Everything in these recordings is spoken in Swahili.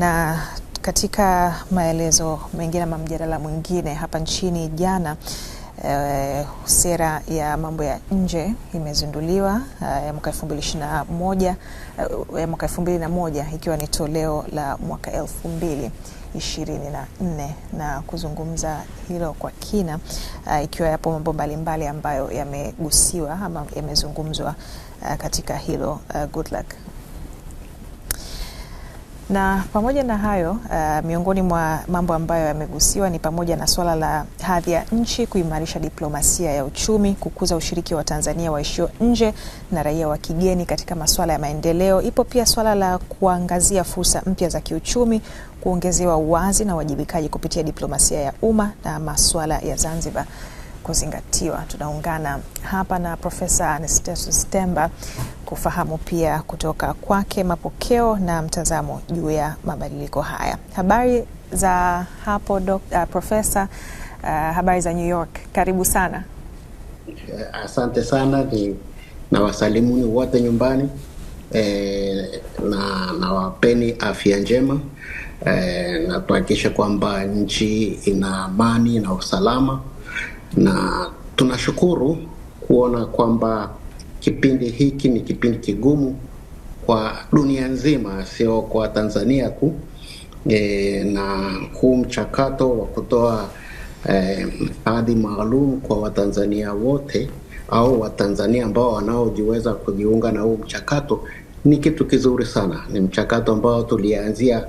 Na katika maelezo mengine ama mjadala mwingine hapa nchini jana Uh, sera ya mambo ya nje imezinduliwa uh, ya mwaka 2021 uh, eh, ya mwaka 2001 ikiwa ni toleo la mwaka 2024, na kuzungumza hilo kwa kina uh, ikiwa yapo mambo mbalimbali ambayo yamegusiwa ama yamezungumzwa uh, katika hilo uh, good luck na pamoja na hayo uh, miongoni mwa mambo ambayo yamegusiwa ni pamoja na swala la hadhi ya nchi, kuimarisha diplomasia ya uchumi, kukuza ushiriki wa Tanzania waishio nje na raia wa kigeni katika masuala ya maendeleo. Ipo pia swala la kuangazia fursa mpya za kiuchumi, kuongezewa uwazi na uwajibikaji kupitia diplomasia ya umma na masuala ya Zanzibar kuzingatiwa. Tunaungana hapa na Profesa Anastatus Temba kufahamu pia kutoka kwake mapokeo na mtazamo juu ya mabadiliko haya. Habari za hapo uh, Profesa. Uh, habari za New York, karibu sana. Eh, asante sana ni, na wasalimuni wote nyumbani e, na, na wapeni afya njema e, na tuhakikishe kwamba nchi ina amani na usalama na tunashukuru kuona kwamba kipindi hiki ni kipindi kigumu kwa dunia nzima, sio kwa Tanzania tu e, na huu mchakato wa kutoa eh, hadhi maalum kwa Watanzania wote au Watanzania ambao wanaojiweza kujiunga na huu mchakato ni kitu kizuri sana. Ni mchakato ambao tulianzia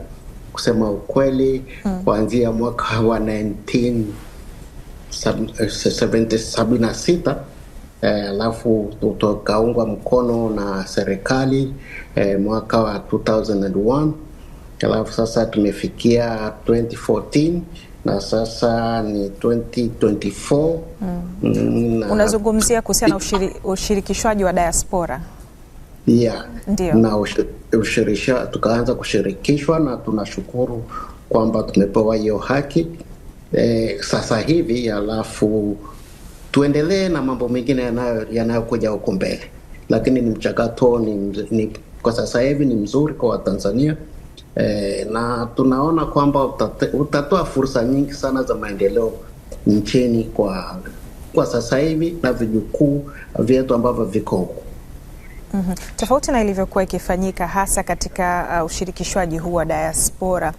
kusema ukweli, hmm. kuanzia mwaka wa Eh, sabini na sita eh, alafu eh, tukaungwa mkono na serikali eh, mwaka wa 2001 alafu sasa tumefikia 2014 na sasa ni 2024. Mm. mm. Na... Unazungumzia kuhusiana ushiri, ushirikishwaji wa diaspora yeah. Na ushirisha, tukaanza kushirikishwa na tunashukuru kwamba tumepewa hiyo haki eh, sasa hivi, alafu tuendelee na mambo mengine yanayokuja yanayo huko mbele, lakini ni mchakato ni, ni, kwa sasa hivi ni mzuri kwa Watanzania eh, na tunaona kwamba utatoa fursa nyingi sana za maendeleo nchini kwa kwa sasa hivi na vijukuu vyetu ambavyo viko huku. Mm -hmm. Tofauti na ilivyokuwa ikifanyika hasa katika uh, ushirikishwaji huu wa diaspora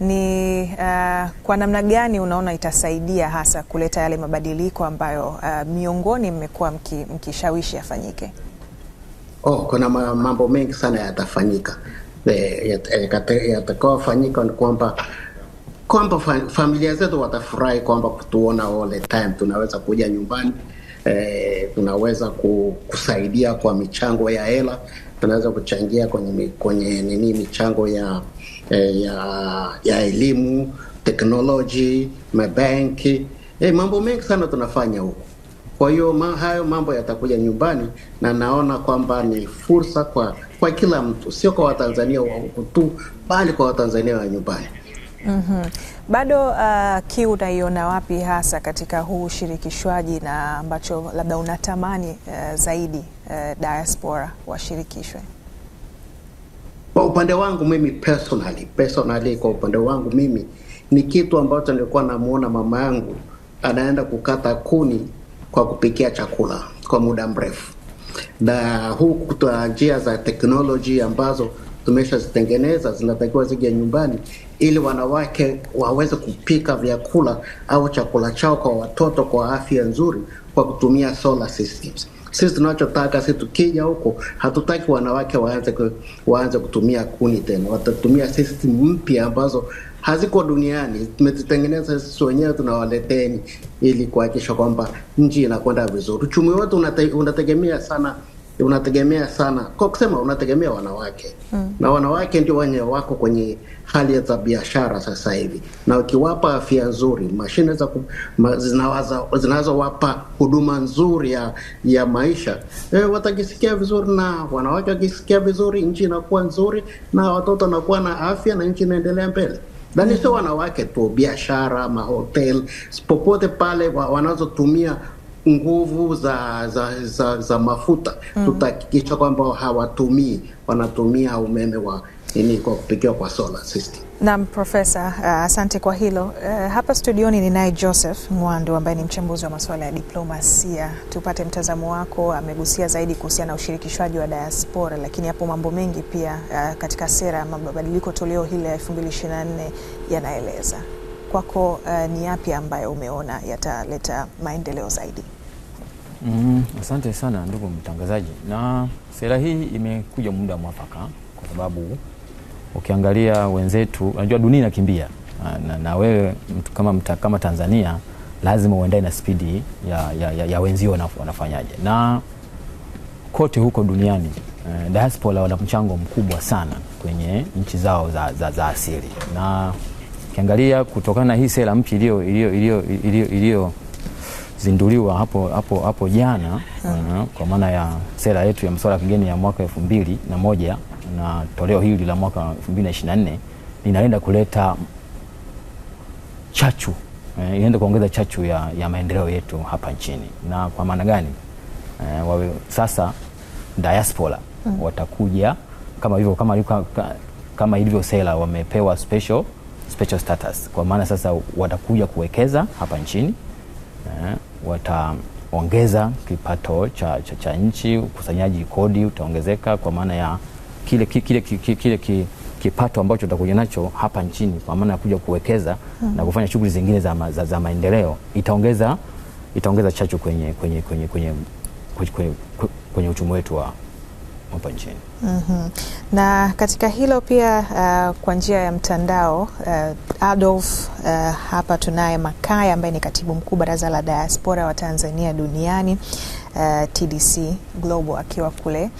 ni uh, kwa namna gani unaona itasaidia hasa kuleta yale mabadiliko ambayo uh, miongoni mmekuwa mkishawishi mki yafanyike? Oh, kuna mambo mengi sana yatafanyika. Yatakayofanyika ni kwamba kwamba familia zetu watafurahi kwamba kutuona all the time, tunaweza kuja nyumbani eh, tunaweza kusaidia kwa michango ya hela, tunaweza kuchangia kwenye kwenye nini michango ya eh, ya, ya elimu, teknoloji, mabenki eh, mambo mengi sana tunafanya huko. Kwa hiyo ma, hayo mambo yatakuja nyumbani, na naona kwamba ni fursa kwa kwa kila mtu, sio kwa Watanzania wa huku tu, bali kwa Watanzania wa nyumbani. Mm -hmm. Bado uh, kiu unaiona wapi hasa katika huu ushirikishwaji na ambacho labda unatamani uh, zaidi uh, diaspora washirikishwe? Kwa upande wangu mimi personally, personally kwa upande wangu mimi ni kitu ambacho nilikuwa namuona mama yangu anaenda kukata kuni kwa kupikia chakula kwa muda mrefu, na huku kutoa njia za teknoloji ambazo tumeshazitengeneza zinatakiwa zije nyumbani, ili wanawake waweze kupika vyakula au chakula chao kwa watoto kwa afya nzuri kwa kutumia solar systems. Sisi tunachotaka sisi, tukija huko, hatutaki wanawake waanze waanze kutumia kuni tena, watatumia system mpya ambazo haziko duniani, tumezitengeneza sisi wenyewe, tunawaleteni ili kuhakikisha kwamba nchi inakwenda vizuri. Uchumi wetu unate, unategemea sana Eh, unategemea sana, kwa kusema unategemea wanawake mm. na wanawake ndio wenye wako kwenye hali za biashara sasa hivi, na ukiwapa afya nzuri, mashine za ma, zinazowapa huduma nzuri ya, ya maisha e, watajisikia vizuri, na wanawake wakisikia vizuri, nchi inakuwa nzuri, na watoto wanakuwa na afya, na nchi inaendelea mbele na ni sio wanawake tu, biashara, mahotel, popote pale wanazotumia nguvu za za za, za mafuta mm. Tutahakikisha kwamba hawatumii wanatumia umeme wa nini kwa kupikiwa kwa solar system. Naam, Profesa, uh, asante uh, kwa hilo uh, hapa studioni ninaye Joseph Mwandu ambaye ni mchambuzi wa masuala ya diplomasia. Tupate mtazamo wako. Amegusia zaidi kuhusiana na ushirikishwaji wa diaspora, lakini hapo mambo mengi pia uh, katika sera mabadiliko toleo hili la nne yanaeleza kwako, uh, ni yapi ambayo umeona yataleta maendeleo zaidi? Mm, asante sana ndugu mtangazaji, na sera hii imekuja muda mwafaka kwa sababu ukiangalia wenzetu, unajua dunia inakimbia na, na wewe mtu kama, mta, kama Tanzania lazima uendae na spidi ya, ya, ya, ya wenzio wanafanyaje, na kote huko duniani eh, diaspora wana mchango mkubwa sana kwenye nchi zao za, za, za asili, na ukiangalia kutokana na hii sera mpya iliyo zinduliwa hapo, hapo, hapo jana hmm. uh, kwa maana ya sera yetu ya masuala ya kigeni ya mwaka elfu mbili na moja na toleo hili la mwaka nne linaenda kuleta chachu eh, inaenda kuongeza chachu ya, ya maendeleo yetu hapa nchini. Na kwa maana gani? Eh, wawe sasa diaspora mm. watakuja kama hivyo, kama, kama ilivyo sera wamepewa special, special status, kwa maana sasa watakuja kuwekeza hapa nchini eh, wataongeza kipato cha, cha, cha nchi, ukusanyaji kodi utaongezeka kwa maana ya kile, kile, kile, kile, kile kipato ambacho utakuja nacho hapa nchini kwa maana ya kuja kuwekeza hmm, na kufanya shughuli zingine za, ma, za, za maendeleo itaongeza, itaongeza chachu kwenye, kwenye, kwenye, kwenye, kwenye, kwenye, kwenye uchumi wetu wa hapa nchini. mm -hmm. Na katika hilo pia uh, kwa njia ya mtandao uh, Adolf uh, hapa tunaye Makaya ambaye ni katibu mkuu baraza la diaspora wa Tanzania duniani uh, TDC Global akiwa kule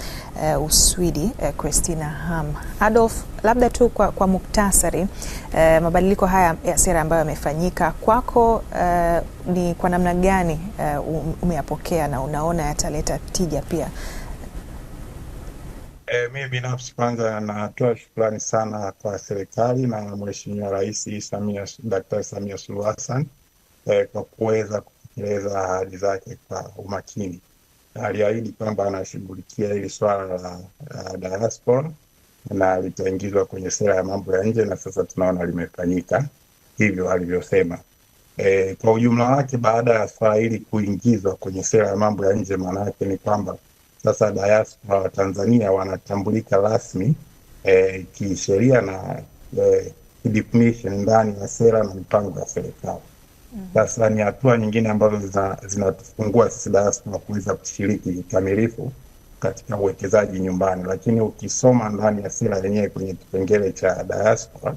uh, Uswidi uh, Christina Ham. Adolf, labda tu kwa, kwa muktasari uh, mabadiliko haya ya sera ambayo yamefanyika kwako uh, ni kwa namna gani uh, umeyapokea na unaona yataleta tija pia E, eh, mi binafsi kwanza natoa shukrani sana kwa serikali na Mheshimiwa Rais Samia, Daktari Samia Suluhu Hassan e, kwa kuweza kutekeleza ahadi zake kwa umakini. Aliahidi kwamba anashughulikia hili swala la diaspora na litaingizwa kwenye sera ya mambo ya nje, na sasa tunaona limefanyika hivyo alivyosema. E, kwa ujumla wake, baada ya swala hili kuingizwa kwenye sera ya mambo ya nje, maana yake ni kwamba sasa diaspora wa Tanzania wanatambulika rasmi e, kisheria na e, eh, definition ndani ya sera na mipango ya serikali. Mm. Sasa mm -hmm. ni hatua nyingine ambazo zinatufungua zina sisi diaspora kuweza kushiriki kikamilifu katika uwekezaji nyumbani, lakini ukisoma ndani ya sera yenyewe kwenye kipengele cha diaspora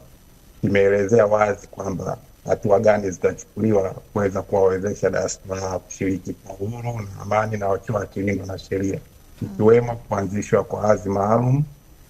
imeelezea wazi kwamba hatua gani zitachukuliwa kuweza kuwawezesha diaspora kushiriki kwa uhuru na amani na wakiwa wakilindwa na sheria ikiwemo kuanzishwa kwa hadhi maalum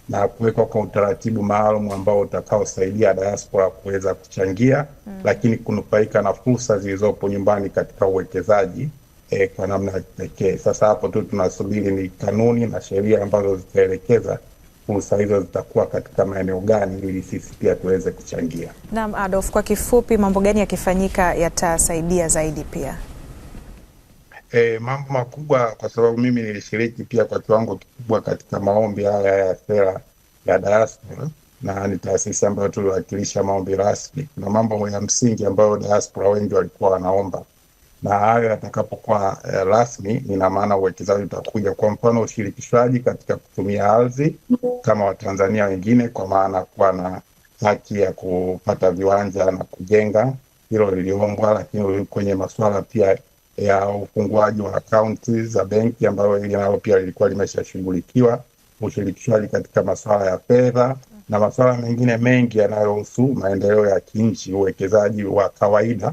na kuwekwa kwa utaratibu maalum ambao utakaosaidia diaspora kuweza kuchangia mm. lakini kunufaika na fursa zilizopo nyumbani katika uwekezaji e, kwa namna ya kipekee. Sasa hapo tu tunasubiri ni kanuni na sheria ambazo zitaelekeza fursa hizo zitakuwa katika maeneo gani ili sisi pia tuweze kuchangia. Naam, Adolf, kwa kifupi, mambo gani yakifanyika yatasaidia zaidi pia? E, mambo makubwa kwa sababu mimi nilishiriki pia kwa kiwango kikubwa katika maombi haya ya sera ya diaspora na ni taasisi ambayo tuliwakilisha maombi rasmi. Kuna mambo ya msingi ambayo diaspora wengi walikuwa wanaomba, na hayo yatakapokuwa eh, rasmi, nina maana uwekezaji utakuja. Kwa mfano, ushirikishwaji katika kutumia ardhi kama Watanzania wengine, kwa maana kuwa na haki ya kupata viwanja na kujenga, hilo liliombwa, lakini kwenye masuala pia ya ufunguaji wa akaunti za benki ambayo ili nalo pia lilikuwa limeshashughulikiwa, ushirikishwaji katika masuala ya fedha na masuala mengine mengi yanayohusu maendeleo ya kinchi, uwekezaji wa kawaida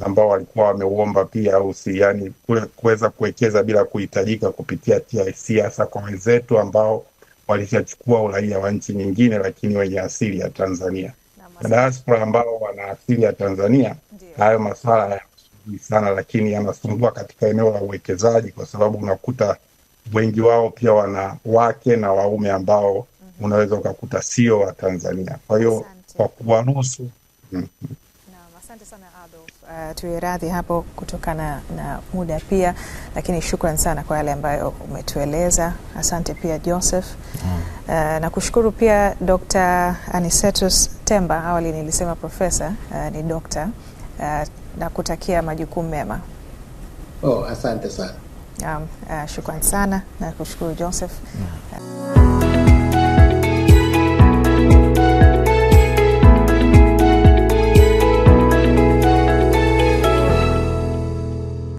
ambao walikuwa wameuomba pia usi, yani kuweza kuwekeza bila kuhitajika kupitia TIC, hasa kwa wenzetu ambao walishachukua uraia wa nchi nyingine, lakini wenye asili ya Tanzania na diaspora ambao wana asili ya Tanzania. Hayo masuala ya vizuri sana, lakini yanasumbua katika eneo la uwekezaji, kwa sababu unakuta wengi wao pia wana wake na waume ambao unaweza ukakuta sio wa Tanzania. Kwa hiyo kwa kuwaruhusu mm-hmm. Asante sana Adolf. Uh, eh, tuiradhi hapo kutokana na muda pia, lakini shukran sana kwa yale ambayo umetueleza. Asante pia Joseph. mm. Uh, eh, na kushukuru pia Dr. anisetus Temba, awali nilisema profesa, uh, ni dokta uh, na kutakia majukumu mema. Oh, asante sana. Um, uh, shukrani sana na kushukuru Joseph. Yeah. Uh,